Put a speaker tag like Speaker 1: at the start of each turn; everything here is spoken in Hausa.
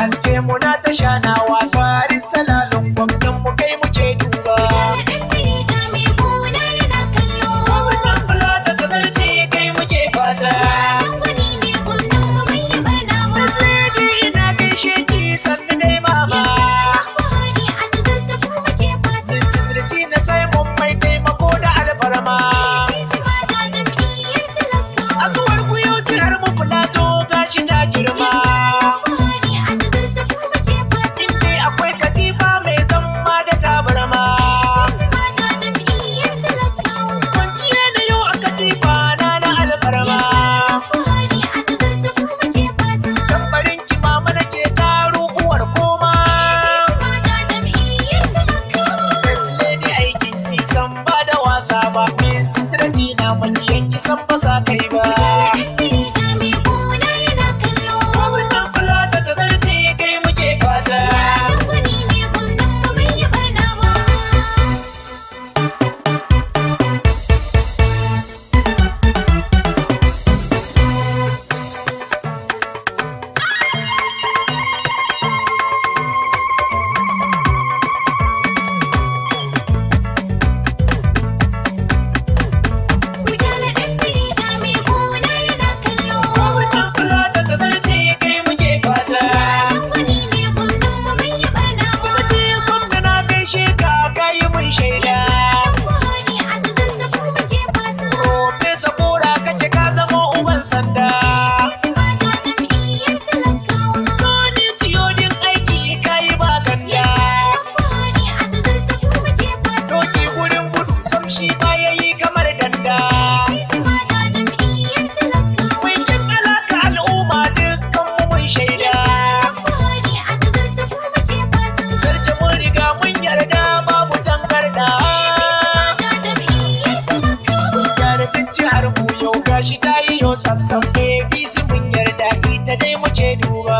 Speaker 1: haske muna ta shanawa da dai muke duba